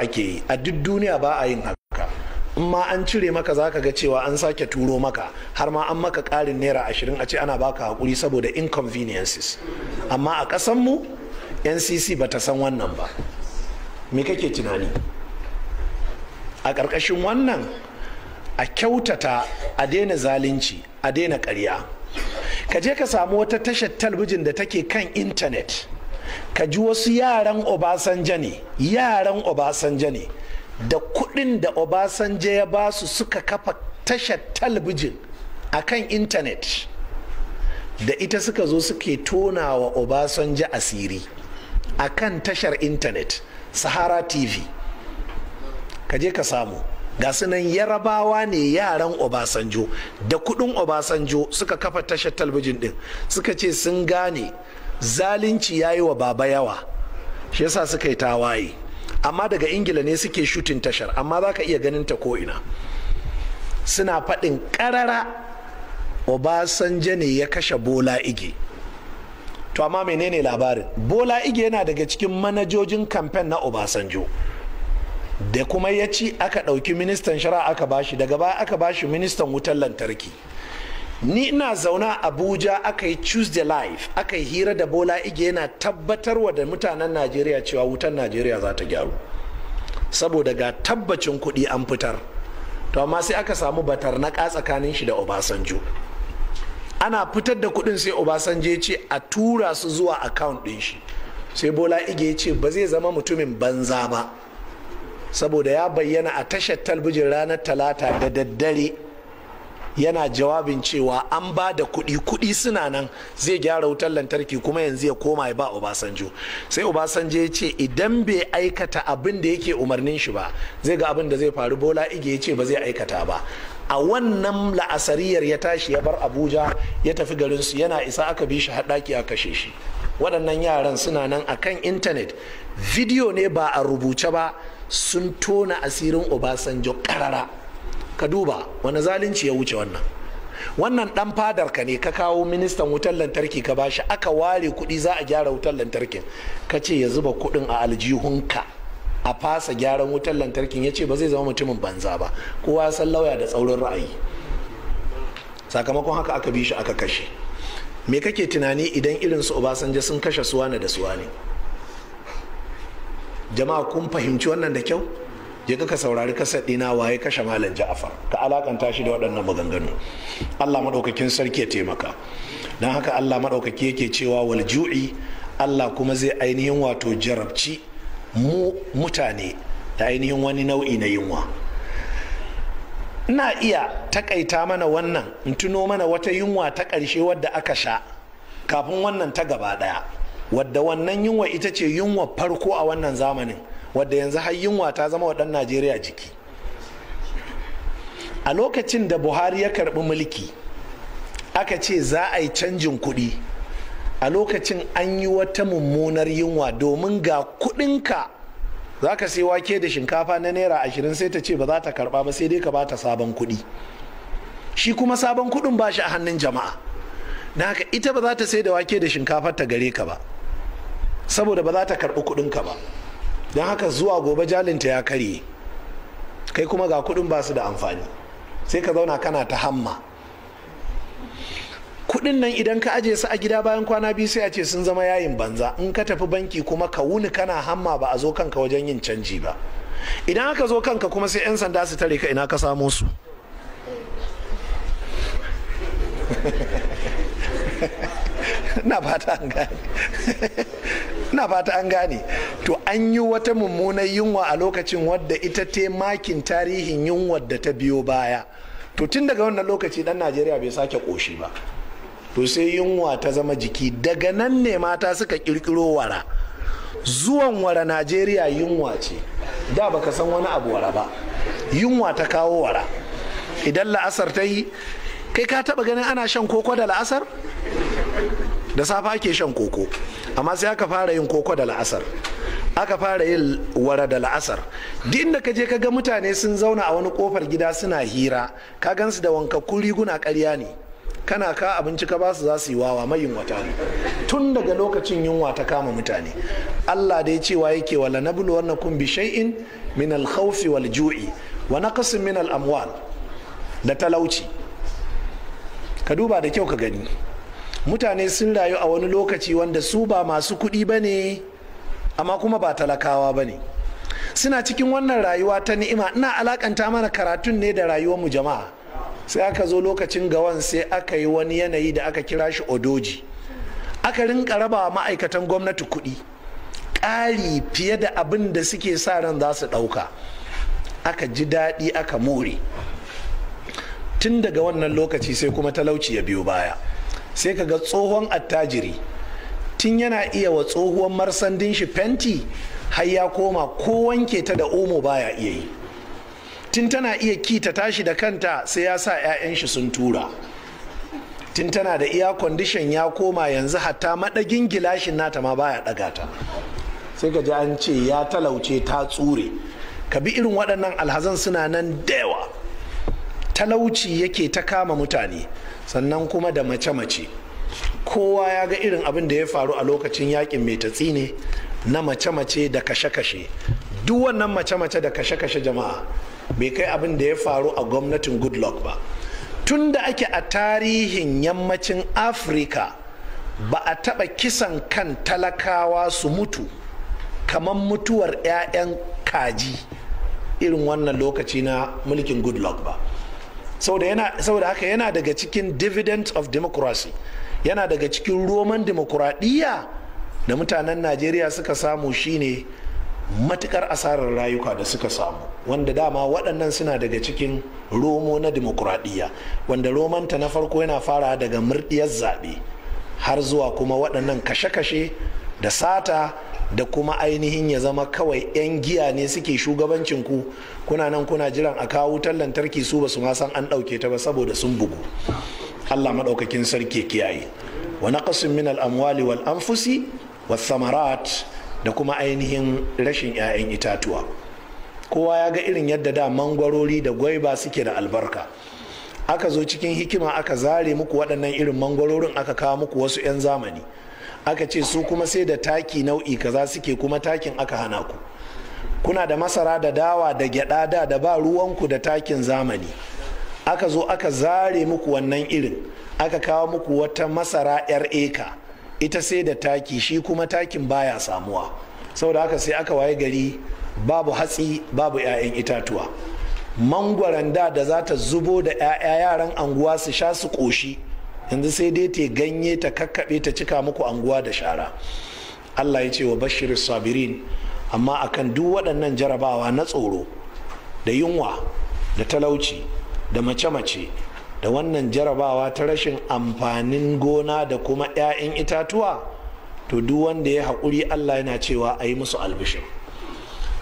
ake yi a duk duniya ba a yin haka in ma an cire maka za ka ga cewa an sake turo maka har ma an maka ƙarin naira ashirin a ce ana baka hakuri saboda inconveniences amma a ƙasanmu ncc ba ta san wannan ba me kake tunani a ƙarƙashin wannan a kyautata a daina zalunci a daina ƙarya ka je ka samu wata tashar talbijin da take kan intanet ka ji wasu yaran obasanja ne yaran obasanja ne da kuɗin da obasanja ya ba su suka kafa tashar talabijin a kan intanet da ita suka zo suke tona wa obasanja asiri a kan tashar intanet sahara tv ka je ka samu ga sunan yarabawa ne yaran obasanjo da kudin obasanjo suka kafa tashar talabijin din suka ce sun gane zalunci ya yi wa baba yawa shi yasa suka yi tawaye amma daga ingila ne suke shutin tashar amma za ka iya ganin ta ko'ina suna faɗin ƙarara obasanjo ne ya kashe bola ige to amma menene labarin bola ige yana daga cikin manajojin kamfen na obasanjo da kuma ya ci aka ɗauki ministan shara'a aka bashi daga baya aka bashi ministan wutar lantarki ni ina zauna abuja aka yi choose the life aka yi hira da bola ige yana tabbatarwa da mutanen najeriya cewa wutan najeriya za ta gyaru saboda ga tabbacin kuɗi an fitar to amma sai aka samu batar na tsakanin shi da obasanjo ana fitar da kuɗin sai obasanjo ya ce a tura su zuwa account ɗin shi sai bola ige ya ce ba zai zama mutumin banza ba saboda ya bayyana a tashar talbijin ranar talata da daddare yana jawabin cewa an ba da kuɗi kuɗi suna nan zai gyara wutar lantarki kuma yanzu ya koma ya ba obasanjo sai obasanjo ya ce idan bai aikata abin da yake umarnin shi ba zai ga abin da zai faru bola ige ya ce ba zai aikata ba a wannan la'asariyar ya tashi ya bar abuja ya tafi garin su yana isa aka bi shi haɗaki a kashe shi waɗannan yaran suna nan a kan intanet bidiyo ne ba a rubuce ba sun tona asirin obasanjo ƙarara ka duba wani zalunci ya wuce wannan wannan dan fadar ka ne ka kawo ministan wutar lantarki ka ba shi? aka ware kuɗi za a gyara wutar lantarkin ka ce ya zuba kuɗin a aljihunka a fasa gyaran wutar lantarkin ya ce ba zai zama mutumin banza ba kowa san lauya da tsaurin ra'ayi sakamakon haka aka bi shi aka kashe me kake tunani idan irin su obasanjo sun kashe ne da suwane jama'a kun fahimci wannan da kyau je ka saurari kasar ɗina waye kashe malam ja'afar ka alakanta shi da waɗannan maganganu allah maɗaukakin sarki ya taimaka don haka allah maɗaukaki yake cewa wal ju'i allah kuma zai ainihin wato jarabci mu mutane da ainihin wani nau'i na yunwa ina iya takaita mana wannan in tuno mana wata yunwa ta ƙarshe wadda aka sha kafin wannan ta gaba ɗaya wadda wannan yunwa ita ce yunwa farko a wannan zamanin wadda yanzu har yunwa ta zama wa ɗan najeriya jiki a lokacin da buhari ya karbi mulki aka ce za a yi canjin kuɗi a lokacin an yi wata mummunar yunwa domin ga kuɗinka za ka sai wake da shinkafa na naira ashirin sai ta ce ba za ta karɓa ba sai dai ka bata sabon kuɗi shi kuma sabon kuɗin ba shi a hannun jama'a na haka ita ba za ta sai da wake da shinkafa ta gare ka ba saboda ba za ta karɓi kuɗinka ba don haka zuwa gobe jalinta ya karye kai kuma ga kudin ba su da amfani sai ka zauna kana ta hamma kudin nan idan ka aje su a gida bayan kwana biyu sai a ce sun zama yayin banza in ka tafi banki kuma ka wuni kana hamma ba a zo kanka wajen yin canji ba idan aka zo kanka kuma sai 'yan sanda su tare ka ina ka samo su na fata an gane to an yi wata mummunar yunwa a lokacin wadda ita te makin tarihin yunwar da ta biyo baya to tun daga wannan lokaci dan najeriya bai sake koshi ba to sai yunwa ta zama jiki daga nan ne mata suka kirkiro wara zuwan wara najeriya yunwa ce da baka san wani abu wara ba yunwa ta kawo wara idan la'asar ta yi kai ka taba ganin ana shan koko da la'asar da safe ake shan koko amma sai aka fara yin koko da la'asar aka fara yin wara da la'asar duk inda ka je ka ga mutane sun zauna a wani kofar gida suna hira ka gansu da wankakkun riguna karya ne kana ka abinci ka basu za su yi wawa mayin wata ne tun daga lokacin yunwa ta kama mutane Allah dai cewa yake wala nablu kun bi shay'in min alkhawfi wal ju'i wa naqsin min al-amwal da talauci ka duba da kyau ka gani mutane sun rayu a wani lokaci wanda su ba masu kuɗi ba ne amma kuma ba talakawa ba ne suna cikin wannan rayuwa ta ni'ima ina alakanta mana karatun ne da rayuwarmu jama'a sai aka zo lokacin gawan sai aka yi wani yanayi da aka kira shi odoji aka rinka raba ma'aikatan gwamnati kuɗi ƙari fiye da abin da suke sa ran za su ɗauka aka ji daɗi aka more tun daga wannan lokaci sai kuma talauci ya biyo baya sai ka ga tsohon attajiri tun yana iya wa tsohuwar marsandin shi fenti har ya koma ko wanke ta da omo baya iya yi tun tana iya ki ta tashi da kanta sai ya sa 'ya'yan shi sun tura tun tana da iya kwandishan ya koma yanzu hatta madagin gilashin nata ma baya daga ta sai ka ji an ce ya talauce ta tsure ka bi irin waɗannan alhazan suna nan da yawa talauci yake ta kama mutane sannan kuma da mace-mace kowa ya ga irin abin da ya faru a lokacin yakin mai tatsi na mace-mace da kashe-kashe duk wannan mace-mace da kashe-kashe jama'a bai kai abin da ya faru a gwamnatin goodluck ba tun da ake a tarihin yammacin afirka ba a taɓa kisan kan talakawa su mutu kamar mutuwar 'ya'yan kaji irin wannan lokaci na mulkin goodluck ba saboda haka yana daga cikin dividend of democracy yana daga cikin roman demokuraɗiyya da mutanen najeriya suka samu shine matukar asarar rayuka da suka samu wanda dama waɗannan suna daga cikin romo na demokuraɗiyya wanda romanta na farko yana fara daga murɗiyar zaɓe har zuwa kuma waɗannan kashe-kashe da sata da kuma ainihin ya zama kawai 'yan giya ne suke shugabancin ku kuna nan kuna jiran a kawo wutar lantarki su ba su ma san an ɗauke ta ba saboda sun bugu allah maɗaukakin sarki kiyaye wa naqasin min al-amwali wal anfusi was samarat da kuma ainihin rashin 'ya'yan itatuwa kowa ya ga irin yadda da mangwarori da gwaiba suke da albarka aka zo cikin hikima aka zare muku waɗannan irin mangwarorin aka kawo muku wasu 'yan zamani aka ce su kuma sai da taki nau'i kaza suke kuma takin aka hana ku kuna da masara da dawa da gyada da da ba ruwanku da takin zamani aka zo aka zare muku wannan irin aka kawo muku wata masara yar eka ita sai da taki shi kuma takin baya samuwa saboda haka sai aka waye gari babu hatsi babu 'ya'yan itatuwa mangwaron da da za ta zubo da 'ya'ya yaran anguwa su sha su koshi. yanzu sai dai ta ganye ta kakkaɓe ta cika muku anguwa da shara allah ya ce wa bashir sabirin amma akan duk waɗannan jarabawa na tsoro da yunwa da talauci da mace-mace da wannan jarabawa ta rashin amfanin gona da kuma 'ya'yan itatuwa to duk wanda ya haƙuri allah yana cewa a yi musu albishin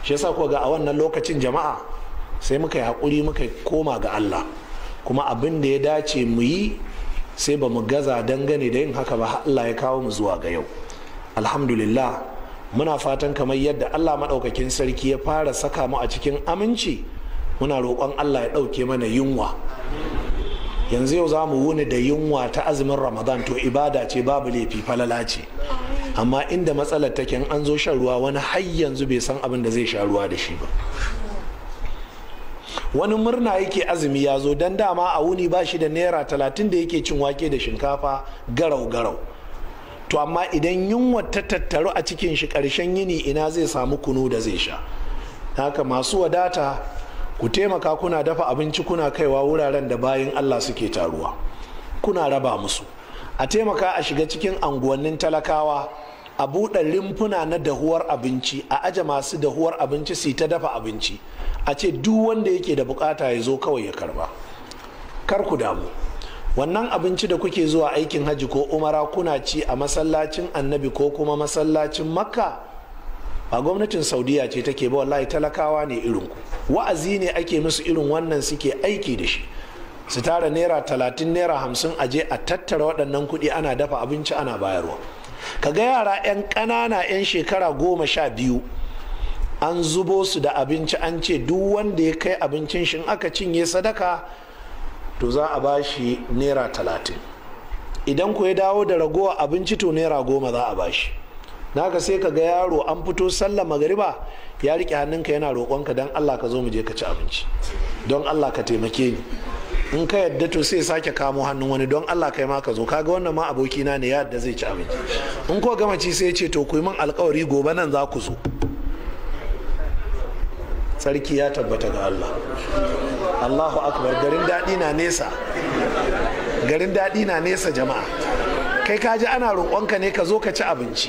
shi yasa ko ga a wannan lokacin jama'a sai muka yi haƙuri muka koma ga allah kuma abin da ya dace mu yi sai ba mu gaza dangane da yin haka ba Allah ya kawo mu zuwa ga yau alhamdulillah muna fatan kamar yadda Allah maɗaukakin sarki ya fara saka mu a cikin aminci muna roƙon Allah ya ɗauke mana yunwa yanzu yau za mu wuni da yunwa ta azumin ramadan to ibada ce babu laifi falala ce amma inda matsalar take an zo shan ruwa wani har yanzu bai san abin da zai sha ruwa da shi ba wani murna yake azumi ya zo don dama a wuni ba shi da naira talatin da yake cin wake da shinkafa garau garau to amma idan yunwa ta tattaru a cikin shi ƙarshen yini ina zai samu kunu da zai sha haka masu wadata ku taimaka kuna dafa abinci kuna kaiwa wuraren da bayan allah suke taruwa kuna raba musu a taimaka a shiga cikin anguwannin talakawa a buɗe rimfuna na dahuwar abinci a aje masu dahuwar abinci su ta dafa abinci a ce duk wanda yake da bukata ya zo kawai ya karba kar ku damu wannan abinci da kuke zuwa aikin haji ko umara kuna ci a masallacin annabi ko kuma masallacin makka ba gwamnatin saudiya ce take ba wallahi talakawa ne irin ku wa'azi ne ake musu irin wannan suke aiki da shi su tara naira talatin naira hamsin aje a tattara waɗannan kuɗi ana dafa abinci ana bayarwa ka ga yara 'yan ƙanana 'yan shekara goma sha biyu an zubo su da abinci an ce duk wanda ya kai abincin shi aka cinye sadaka to za a bashi naira talatin idan ku ya dawo da ragowa abinci to naira goma za a bashi naka sai ka ga yaro an fito sallah magariba ya riƙe hannunka yana roƙonka don allah ka zo mu je ka ci abinci don allah ka taimake ni in ka yadda to sai sake kamo hannun wani don Allah kai ma ka zo kaga wannan ma abokina ne ya yadda zai ci abinci in ko gama ci sai ce to ku yi min alkawari gobe nan za ku zo sarki ya tabbata ga Allah Allahu akbar garin daɗi na nesa garin daɗi na nesa jama'a kai ka ji ana roƙonka ne ka zo ka ci abinci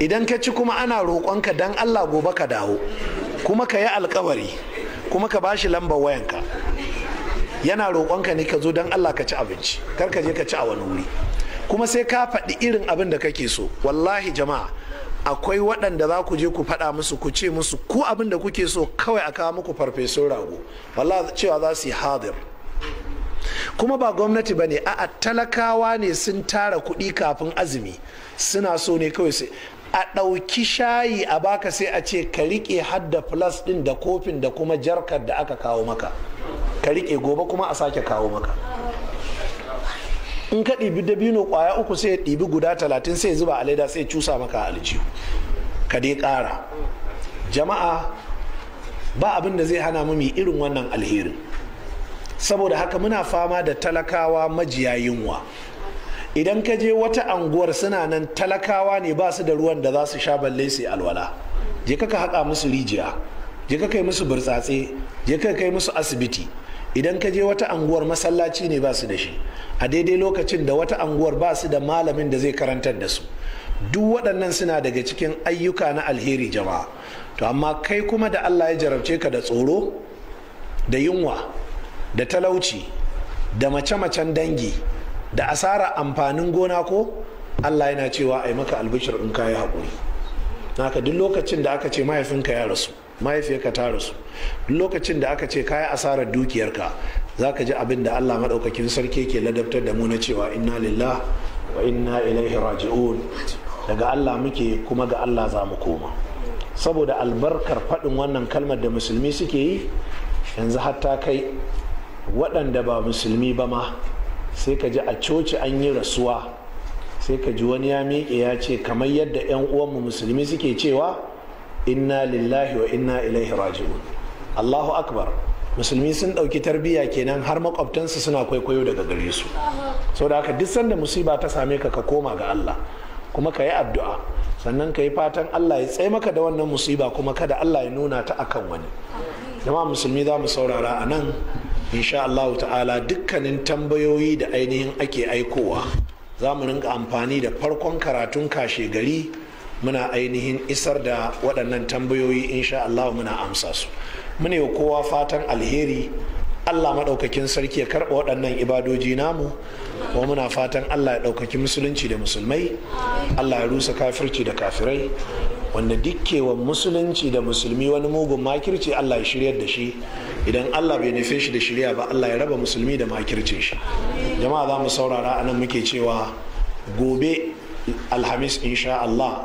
idan ka ci kuma ana roƙonka dan Allah gobe ka dawo kuma ka yi alkawari kuma ka bashi lambar wayanka yana roƙonka ne ka zo don Allah ka ci abinci kar ka je ka ci a wani wuri kuma sai ka faɗi irin abin da kake so wallahi jama'a akwai waɗanda za ku je ku faɗa musu ku ce musu ku abin da kuke so kawai a kawo muku farfesun rago wallahi cewa za su yi hadir kuma ba gwamnati ba ne a talakawa ne sun tara kuɗi kafin azumi suna so ne kawai sai a ɗauki shayi a baka sai a ce ka riƙe hadda flas ɗin da kofin da kuma jarkar da aka kawo maka ka riƙe gobe kuma a sake kawo maka in ka ɗibi dabino ƙwaya uku sai ya ɗibi guda talatin sai zuba a leda sai cusa maka a aljihu ka dai ƙara jama'a ba abin da zai hana mu mai irin wannan alherin saboda haka muna fama da talakawa majiya yunwa idan ka je wata anguwar suna nan talakawa ne ba su da ruwan da za su sha balle su alwala je ka haƙa musu rijiya je ka kai musu burtsatse je ka kai musu asibiti idan ka je wata anguwar masallaci ne ba su da shi a daidai lokacin da wata anguwar ba su da malamin da zai karantar da su duk waɗannan suna daga cikin ayyuka na alheri jama'a to amma kai kuma da allah ya jarabce ka da tsoro da yunwa da talauci da mace-macen dangi da asara amfanin gona ko allah yana cewa a yi maka albishir in kayi yi haƙuri naka duk lokacin da aka ce mahaifinka ya rasu mahaifiyarka ta rasu duk lokacin da aka ce kayi asarar dukiyarka za ka ji abin da allah maɗaukakin sarki ke ladabtar da mu na cewa inna lillah wa inna ilaihi raji'un daga allah muke kuma ga allah za mu koma saboda albarkar faɗin wannan kalmar da musulmi suke yi yanzu hatta kai waɗanda ba musulmi ba ma sai ka ji a coci an yi rasuwa sai ka ji wani ya miƙe ya ce kamar yadda 'yan uwanmu musulmi suke cewa inna lillahi wa inna ilaihi raji'un Allahu akbar musulmi sun ɗauki tarbiyya kenan har makwabtansu suna kwaikwayo daga gare su so da haka duk sanda musiba ta same ka ka koma ga Allah kuma ka yi addu'a sannan ka yi fatan Allah ya tsaye maka da wannan musiba kuma kada Allah ya nuna ta akan wani jama'a musulmi za mu saurara a nan insha Allah ta'ala dukkanin tambayoyi da ainihin ake aikowa za mu rinka amfani da farkon karatun kashe gari muna ainihin isar da waɗannan tambayoyi insha Allah muna amsa su mune kowa fatan alheri Allah maɗaukakin sarki ya karɓa waɗannan ibadoji namu wa muna fatan Allah ya ɗaukaki musulunci da musulmai Allah ya rusa kafirci da kafirai wanda dukkewan musulunci da musulmi wani mugun makirci Allah ya shiryar da shi idan Allah bai nufe shi da shirya ba Allah ya raba musulmi da makircin shi jama'a za mu saurara anan muke cewa gobe alhamis insha Allah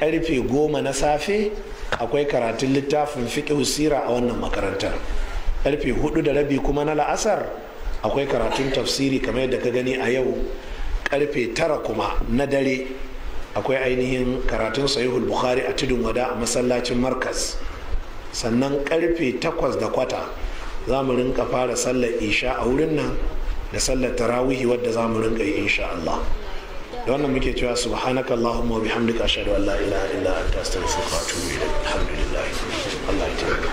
karfe goma na safe akwai karatun littafin fiƙihu sira a wannan makarantar karfe hudu da rabi kuma na la'asar akwai karatun tafsiri kamar yadda ka gani a yau karfe tara kuma na dare akwai ainihin karatun sahihul bukhari a tudun wada a masallacin markas sannan karfe takwas da kwata za mu rinka fara sallar isha a wurin nan da sallar tarawihi wadda za mu rinka yi insha Allah. da wannan muke cewa subhanaka allahumma wa bihamdika ashhadu an la ilaha illa anta astaghfiruka wa atubu ilayk alhamdulillah Allah ya tabbata